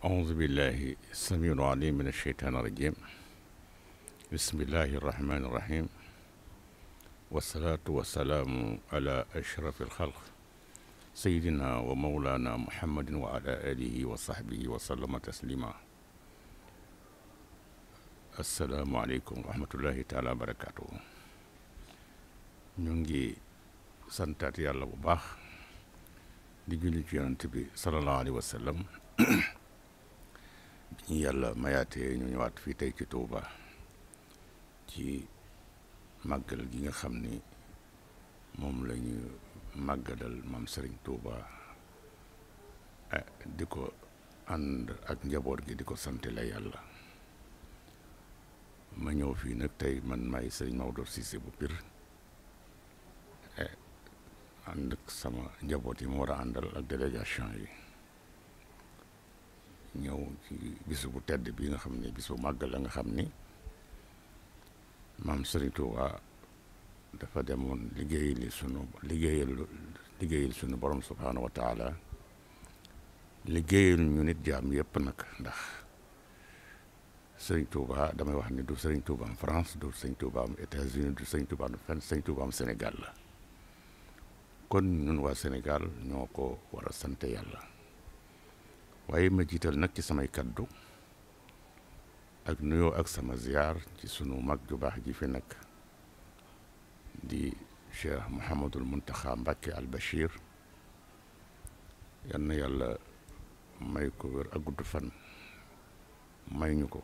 أعوذ بالله السميع العليم من الشيطان الرجيم بسم الله الرحمن الرحيم والصلاة والسلام على أشرف الخلق سيدنا ومولانا محمد وعلى آله وصحبه وسلم تسليما السلام عليكم ورحمة الله تعالى وبركاته نونجي سنتاتي الله بباخ دي جولي جيرانتي بي صلى الله عليه وسلم ñu yàlla mayaatee ñu ñëwaat fii tey ci Touba ci màggal gi nga xam ni moom lañuy ñu mam sëriñ Serigne eh, di ko ànd ak njaboot gi di ko sant la yàlla ma ñëw fii nag tey man maay Serigne Maodo Cissé bu Pire eh, ànd sama njaboot yi ma war a àndal ak délégation yi. ñëw ci bu tedd bi nga xam ne bis bu la nga xam ni maam Serigne Touba dafa demoon liggéey sunu liggéeyal sunu borom subhaanahu wa taala liggéeyal ñu nit jaam yëpp nag ndax Serigne Touba damay wax ni du Serigne Touba am France du Serigne Touba am États-Unis du Serigne Touba am fenn Serigne Touba am Sénégal la kon ñun waa Sénégal ñoo ko war a sant yàlla. waaye ma jiital nag ci samay kaddu ak nuyoo ak sama ziyaar ci sunu mag ju baax ji fi nekk di cheikh Mouhamadul Muntaxa Mbàkke al Bachir yal na yàlla may ko wér ak gudd fan may ñu ko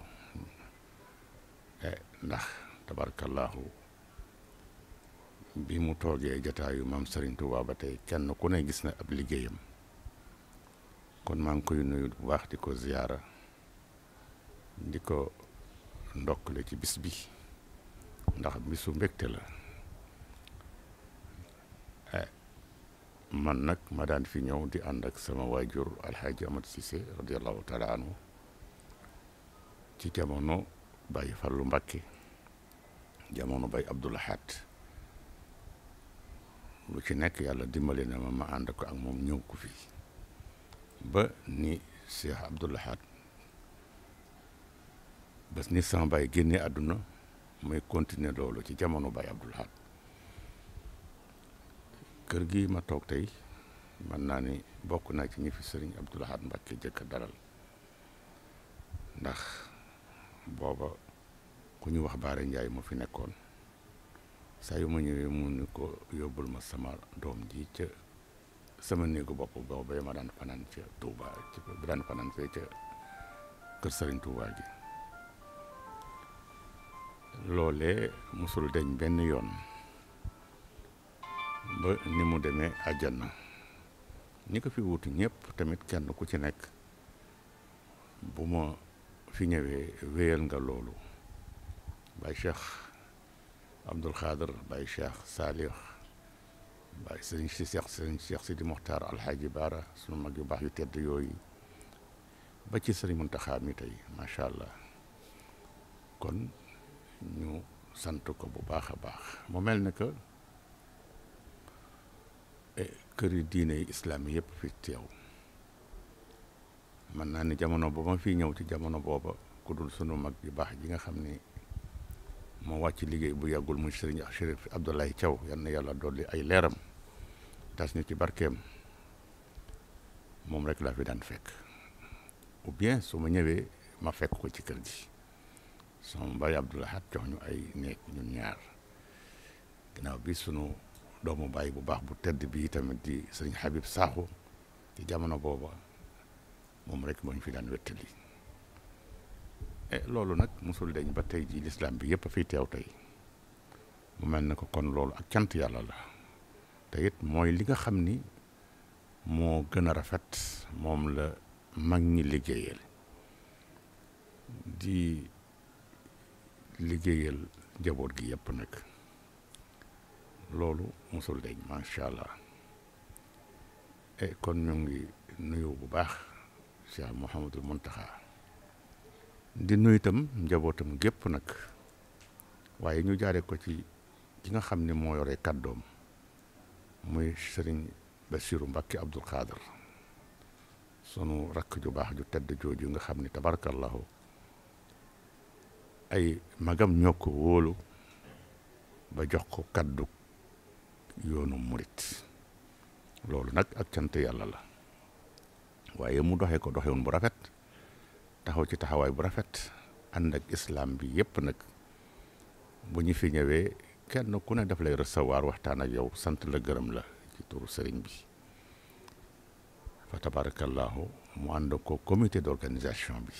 e, ndax tabarkallaahu bi mu toogee jataayu maam Serigne Touba ba tey kenn ku ne gis na ab liggéeyam kon maa ngi koy nuyu bu baax di ko ziyaara di ko ndokkale ci bis bi ndax bisu mbégte la eh, man nag ma daan fi ñëw di ànd ak sama waajur alxaaji Amat Sise radiallahu taala anhu ci jamono Baay Fallu Mbàkke jamono Baay Abdul Ahad lu ci nekk yàlla dimbalee na ma ma ànd ko ak moom ñëw ku fii ba ni Cheikh Abdou Lahad ni sama baay génnee àdduna may continuer loolu ci jamono baay Abdou kër gi ma toog tey mën naa ni bokk naa ci ñi fi sëriñ Abdou Lahad Mbacke jëkk dalal ndax booba ku ñu wax Baare Njaay moo fi nekkoon saa yu ma ñëwee mu ni ko yóbbul ma sama doom ji ca sama néegu bopp ba ma daan fanaan ca Touba ci bi daan fanaan fee ca kër Serigne Touba ji loolee musul deñ benn yoon ba ni mu demee àjjana ñi ko fi wutu ñépp tamit kenn ku ci nekk bu ma fi ñëwee wéyal nga loolu Baye Cheikh Abdoul Khader Baye Cheikh Salih waaye sëriñ si Cheikh sëriñ Cheikh Sidi Mokhtar Alxaaji Baara sunu mag yu baax yu tedd yooyu ba ci sëriñ Muntaxa mi tey macha allah kon ñu sant ko bu baax a baax mu mel ni que e, kër yu diine yi islaam yëpp fi teew mën naa ni jamono ba ma fii ñëw ci jamono booba ku dul sunu mag yu baax ji nga xam ni moo wàcc liggéey bu yàggul muy sëriñ Chérif Abdoulaye Thiaw yal na yàlla dolli ay leeram tas ñu ci barkeem moom rekk laa fi daan fekk ou bien su ma ñëwee ma fekk ko ci kër gi sama mbay Abdou Lahad jox ñu ay néeg ñun ñaar ginnaaw bi sunu doomu baay bu baax bu tëdd bi tamit di sëñ Habib Sakho ci jamono booba moom rekk moo ñu fi daan wettali eh, loolu nag musul dañ ba tey ji lislaam bi yëpp a fiy teew tey mu mel ne ko kon loolu ak cant yàlla la te mooy li nga xam ni moo gën a rafet moom la mag ñi liggéeyal di liggéeyal njaboot gi yëpp nag loolu mosul deñ macha allah e kon ñu ngi nuyu bu baax Cheikh Mouhamadul Muntaxa di nuyu itam njabootam gépp nag waaye ñu jaare ko ci ki nga xam ne moo yore doom muy sëriñ Bassirou Mbacke Abdoul Khader sunu rakk ju baax ju tedd jooju nga xam ni tabarakallahu ay magam ñoo ko wóolu ba jox ko kaddu yoonu murit loolu nag ak cant yàlla la waaye mu doxe ko doxewun bu rafet taxaw ci taxawaay bu rafet ànd ak islaam bi yépp nag bu ñu fi ñëwee kenn ku ne def lay recevoir waxtaan ak yow sant la gërëm la ci turu sëriñ bi fa mu ànd ko comité d'organisation bi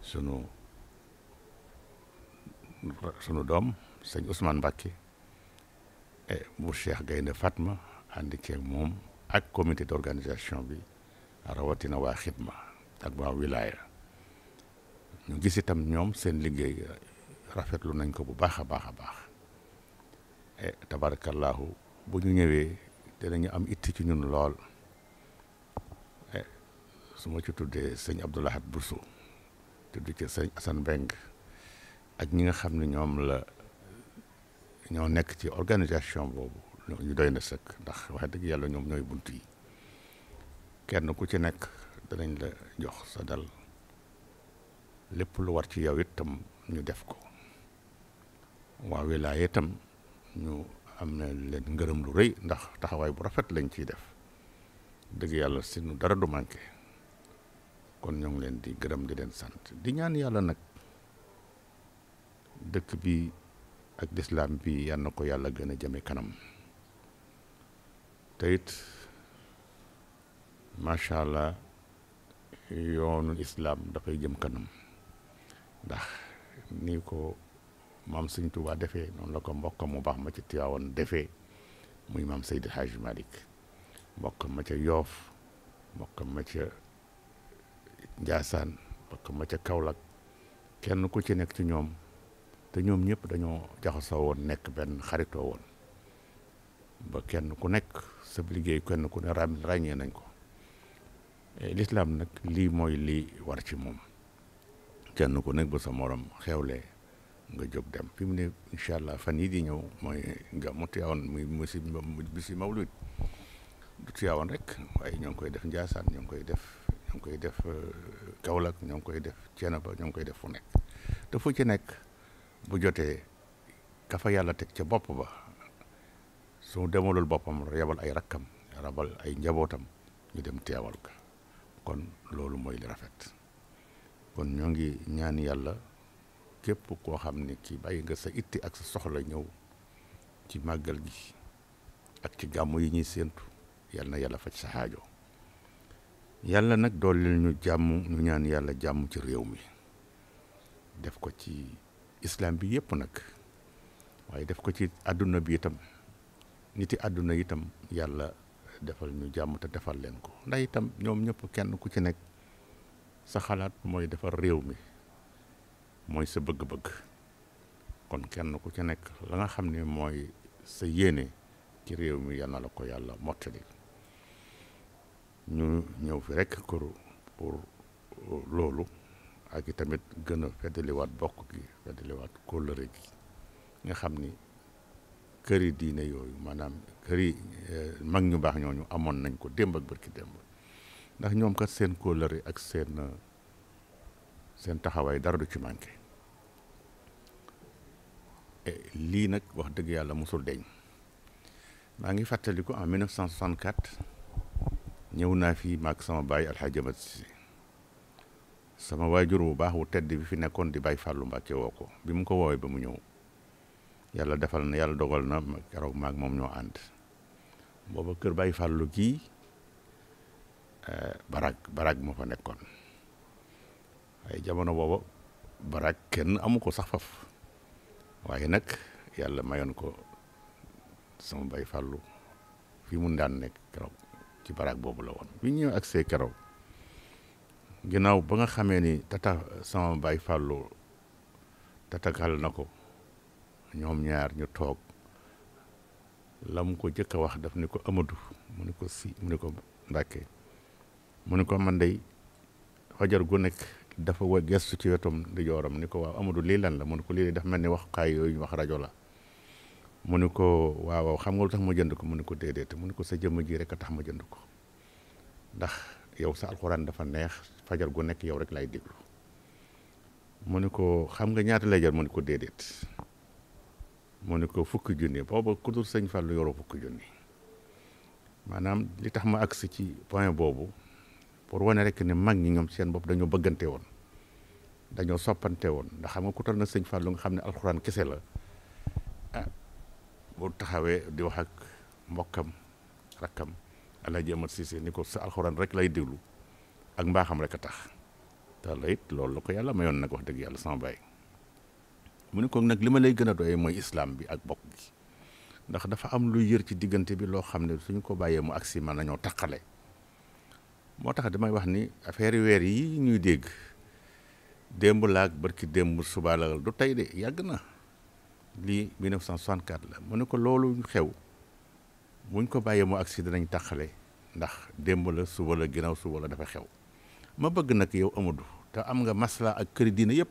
sunu sunu doom sëñ Ousmane Mbacké bu Cheikh Gaynde Fatma ànd ceeg moom ak comité d'organisation bi rawatina waa xidma ak waa wilaya ñu gis itam ñoom seen liggéey rafetlu nañ ko bu baax a baax a baax Eh, tabarakallahu bu ñu ñëwee dinañu am itti ci ñun lool eh, su ma ci tuddee sëñ Abdou Lahad te tudd ci sëñ Assane Mbeng ak ñi nga xam ni ñoom la ñoo nekk ci organisation boobu ñu doy na sëkk ndax wax dëgg yàlla ñoom ñooy bunt yi kenn ku ci nekk danañ la jox sa dal lépp lu war ci yow tam ñu def ko waa wilaaye itam ñu am na leen ngërëm lu rëy ndax taxawaay bu rafet lañ ciy def dëgg yàlla si nu dara du manqué kon ñoo ngi leen di gërëm di leen sant di ñaan yàlla nag dëkk bi ak lislaam bi yal na ko yàlla gën a jëme kanam te it macha allah yoonu islaam dafay jëm kanam ndax ni ko maam suñ Tuubaa defee noonu la ko mbokkam mu baax ma ca Tiwaawan defee muy maam Seydi Hadj Malick mbokkam ma ca Yoof mbokkam ma ca Njaasaan mbokkam ma ca Kaolack kenn ku ci nekk ci ñoom te ñoom ñëpp dañoo jaxasoo woon nekk benn xaritoo woon ba kenn ku nekk sa liggéey kenn ku ne ram ràññee nañ ko eh, lislaam nag lii mooy lii war ci moom kenn ku nekk ba sa morom xewlee nga jóg dem fi mu ne incha allah fan yii di ñëw mooy gàmmu Tiwaawan muy mu mu bi si mawlud du Tiwaawan rek waaye ñoo ngi koy def Njaasaan ñoo ngi koy def ñoo ngi koy def euh, Kaolack ñoo ngi koy def Thiénaba ñoo ngi koy def fu nekk te fu ci nekk bu jotee ka yàlla teg ca bopp ba su demalul boppam yabal ay rakkam rabal ay njabootam ñu dem teewal ka kon loolu mooy li rafet kon ñoo ngi ñaan yàlla képp koo xam ne ki bàyyi nga sa itti ak sa soxla ñëw ci màggal gi ak ci gàmmu yi ñuy séentu yal na yàlla faj sa xaajo yàlla nag dooleel ñu jàmm ñu ñaan yàlla jàmm ci réew mi def ko ci islam bi yëpp nag waaye def ko ci àdduna bi itam niti àdduna itam yàlla defal ñu jàmm te defal leen ko ndax itam ñoom ñëpp kenn ku ci nekk sa xalaat mooy defar réew mi mooy sa bëgg-bëgg kon kenn ku ci nekk la nga xam ne mooy sa yéene ci réew mi yal na la ko yàlla mottali ñu ñëw fi rek kër pour euh, loolu ak i tamit gën a feddaliwaat bokk gi feddaliwaat kóllëre gi nga xam ni këri diine yooyu maanaam këri euh, mag ñu baax ñooñu amoon nañ ko démb ak bërki démb ndax ñoom kat seen kóllëre ak seen seen taxawaay dara du ci manqué Eh, lii nag wax dëgg yàlla musul deñ maa ngi fàttaliku en 1964 ñëw naa fii maag sama baay Alxaaji Amat Si sama waajur bu baax wu tedd bi fi nekkoon di Baay Fàllu Mbàkke ko bi mu ko woowee ba mu ñëw yàlla defal na yàlla dogal na keroog maag moom ñoo ànd booba kër Baay Fàllu gii eh, barak barak moo fa nekkoon waaye jamono booba barak kenn amu ko sax faf waaye nag yàlla mayoon ko sama bay fàllu fi mun daan nekk keroog ci baraag boobu la woon bi ñëw akse see keroog ginnaaw ba nga xamee ni tata sama bay fàllu tatagal na ko ñoom ñaar ñu toog la ko jëkk wax daf ni ko Amadou mu ni ko si mu ni ko Mbàkke mu ni ko man dey fajar gu nekk dafa wa gestu ci wetum di jooram ni ko waaw amadu lii lan la mu ne ko lii dafa mel ni wax kaay yooyu wax rajo la mu ne ko waaw xam nga lu tax ma jënd ko mu ne ko déedéet mu ne ko sa jëmm ji rek a tax ma jënd ko ndax yow sa alxuraan dafa neex fajar gu nekk yow rek lay déglu ne ko xam nga ñaata lay jar mu ne ko déedéet mu ne ko fukki junni booba ku dul sëñ Fallou yoroo fukki junni maanaam li tax ma agsi ci point boobu pour wane rek ne mag ñi ñoom seen bopp dañoo bëggante woon dañoo soppante woon ndax xam nga ku na sëñ Fallou nga xam ne alxuraan kese la ah, bu taxawee di wax ak mbokkam rakkam a Amar Cissé ni ko sa alxuraan rek lay déglu ak mbaaxam rek a tax te la it loolu la ko yàlla mayoon nag wax dëgg yàlla sama baay mu ne ko nag li ma lay gën a doyee mooy islaam bi ak bokk gi ndax dafa am lu yër ci diggante bi loo xam ne su ñu ko bàyyee mu si man nañoo taqale moo tax damay wax ni affaire weer yi ñuy dégg démb laag barki démb subaa la du tey de yàgg na lii 1964 la mu ne ko loolu xew buñ ko bàyyee mu agsi dinañ taxale ndax démb la suba la ginnaaw suba la dafa xew ma bëgg nag yow Amadou te am nga masla ak këri diine yëpp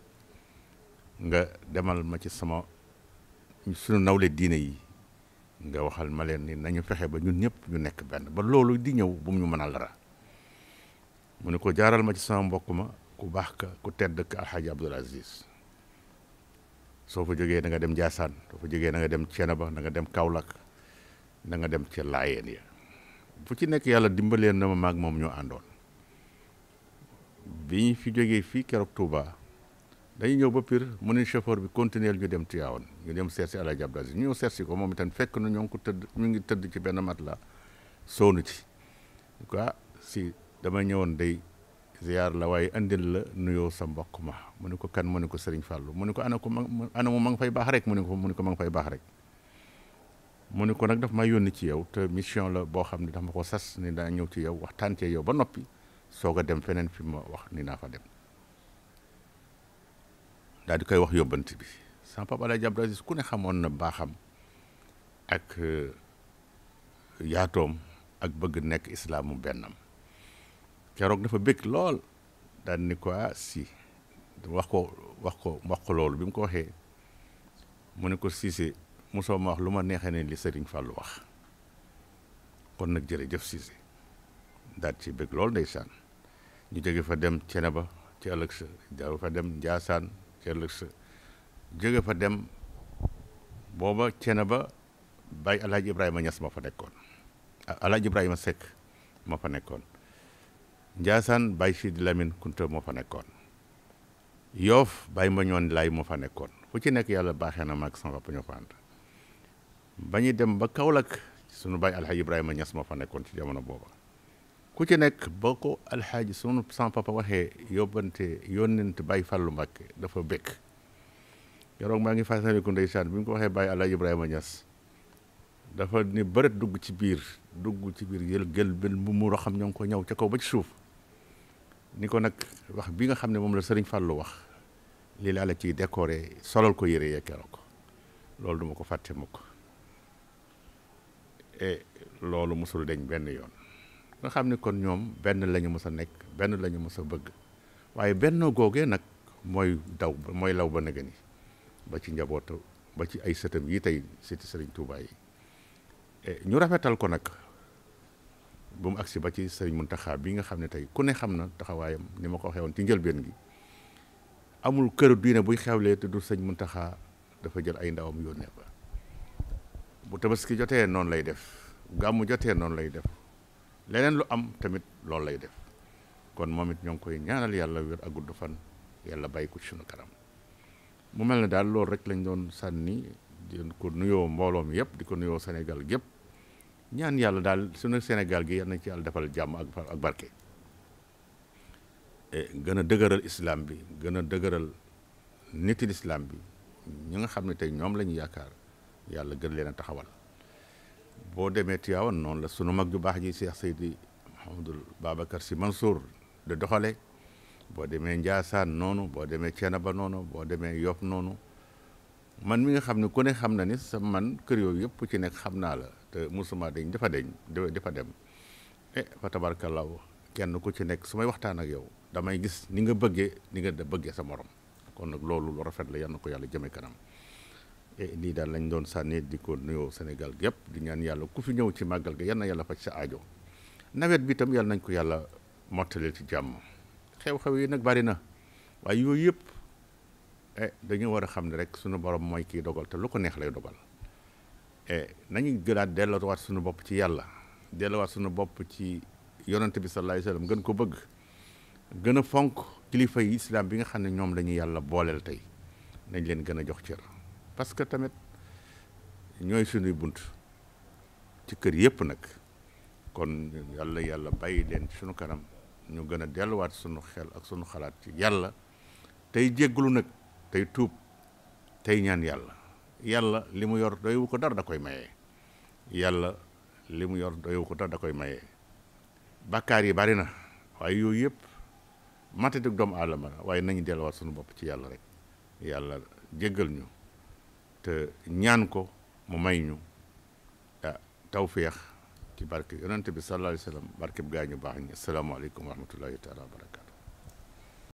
nga demal ma ci sama suñu nawle diina yi nga waxal ma leen ni nañu fexe ba ñun ñëpp ñu nekk benn ba loolu di ñëw bu mu ñu mënal dara mu ne ko jaaral ma ci sama mbokk ma ku baax ka ku tedd ka alxaaji abdul aziz soo fa jógee da nga dem Njaasaan soo fa jógee da nga dem Cenaba da nga dem kawlak da dem ca Laayeen ya fu ci nekk yàlla dimbaleen na ma maag moom ñoo àndoon bi ñu fi jógee fii keroog Touba dañuy ñëw ba pir mu ne chauffeur bi continuer ñu dem Tivaouane ñu dem seet si Alaaji Abdul Aziz ñu ñëw seet si ko moom itam fekk na ko tëdd ñu ngi tëdd ci benn matelas soonu ci quoi ah, si dama ñëwoon day ziyaar la waaye andil la nuyoo sa mbokk ma mu ne ko kan mu ne ko Serigne Fallou mu ne ko ana ko ma ana mu ma nga fay baax rek mu ne ko mu ne ko ma nga fay baax rek mu ne ko nag daf ma yónni ci yow te mission la boo xam ne ma ko sas ni daa ñëw ci yow waxtaan ci yow ba noppi soog a dem feneen fi ma wax ni naa fa dem daal di koy wax yóbbante bi sama papa Alaaji Abdou Aziz ku ne xamoon na baaxam ak euh, yaatoom ak bëgg nekk islaamu bennam keroog dafa bëgg lool daan ni ko ah si wax ko wax ko wax ko loolu bi mu ko waxee mu ne ko Cissé mosoo ma wax lu ma neexee ne li Serigne Fallou wax kon nag jërëjëf Cissé daal ci bëgg lool saan ñu jóge fa dem Ceneba ci ëllëg sa jóge fa dem Ndiassane ci ëllëg sa jóge fa dem booba Ceneba bàyyi El Hadj Ibrahima ñas ma fa nekkoon El ah, Hadj Ibrahima Seck ma fa nekkoon. Ndiassane Baye Sidi Lamine Kunta moo fa nekkoon Yoff Baye Mbañoon laay moo fa nekkoon fu ci nekk yàlla baaxee na mag sama papa ñoo fa ànd ba ñuy dem ba kaw Kaolack sunu baay Alxaaji Ibrahima ñas moo fa nekkoon ci jamono booba ku ci nekk boo ko alxaaji sunu sama papa waxee yóbbante yónnent Baye Fallou Mbacké dafa békk keroog maa ngi fàttaliku ndeysaan bi mu ko waxee Baye Alxaaji Ibrahima Niass dafa ni bëreet dugg ci biir dugg ci biir yël gël benn mu mu xam ñoo ngi ko ñëw ca kaw ba ci suuf ni ko nag wax bi nga xam ne moom la sëriñ Fallou wax lii laa la ciy décoré solal ko yére yee keroog loolu duma ko fàtte mukk e loolu mosul deñ benn yoon nga xam ne kon ñoom benn lañu mës a nekk benn lañu mës a bëgg waaye benn googee nag mooy daw mooy law ba nëgëni ba ci njabootu ba ci ay sëtam yi tey sëti sëriñ tuubaay yi e ñu rafetal ko nag ba mu agsi ba ci sëriñ Muntaxa bi nga xam ne tey ku ne xam na taxawaayam ni ma ko waxee woon ci njëlbeen gi amul kër diine buy xewlee te du sëriñ Muntaxa dafa jël ay ndawam yónnee ba bu tabaski jotee noon lay def gàmmu jotee noon lay def leneen lu am tamit loolu lay def kon moom it ñoo koy ñaanal yàlla wér ak gudd fan yàlla bàyyi ko suñu kanam mu mel ne daal loolu rek lañ doon sànni di ko nuyoo mbooloo mi yëpp di ko nuyoo senegal gépp ñaan yàlla daal suñu Sénégal gi yal nañ ci yàlla defal jàmm ak ak barke eh, gën a dëgëral islam bi gën a dëgëral niti islam bi ñu nga xam ne tey ñoom lañu ñu yaakaar yàlla gën leen a taxawal boo demee Tiwaawan noonu la sunu mag ju baax ji Cheikh Seydi Mouhamadoul Babacar Sy Mansour de doxale boo demee Njaasaan noonu boo demee Thiénaba noonu boo demee Yoff noonu man mi nga xam ne ku ne xam na ni sa man kër yooyu yëpp ci nekk xam naa la te musuma dañ dafa deñ dafa dem eh fa tabarkallaaw kenn ku ci nekk su may waxtaan ak yow damay gis ni nga bëggee ni nga bëggee sa morom kon nag loolu lu rafet la yal na ko yàlla jëme kanam eh lii daal lañ doon sànni di ko nuyoo senegal gi yëpp di ñaan yàlla ku fi ñëw ci màggal ga yal na yàlla faj sa ajo nawet bi tam yàlla nañ ko yàlla mottali ci jàmm xew-xew yi nag bari na waaye yooyu yëpp eh dañu war a xam ne rek sunu borom mooy kii dogal te lu ko neex lay dogal. Eh, nañu gënaat delluwaat suñu bopp ci yàlla delluwaat suñu bopp ci yonante bi sallallahu alayhi wasallam gën ko bëgg gën a fonk kilifa yi islam bi nga xam ne ñoom la yàlla booleel tey nañ leen gën a jox cër parce que tamit ñooy suñuy bunt ci kër yëpp nag kon yàlla yàlla bàyyi leen suñu kanam ñu gën a delluwaat suñu xel ak suñu xalaat ci yàlla tey jéggalu nag tey tuub tey ñaan yàlla yàlla li mu yor doywu ko dara da koy maye yàlla li mu yor doywu ko dara da koy maye bakkaar yi bari na waaye yooyu yëpp matatik doomu aadama la waaye nañu delluwaat suñu bopp ci yàlla rek yàlla jéggal ñu te ñaan ko mu may ñu ah tawféex ci barke yonent bi sallallahu alayhi wa sallam gaa ñu baax ñi asalaamaaleykum wa rahmatullahi taala wa barakatu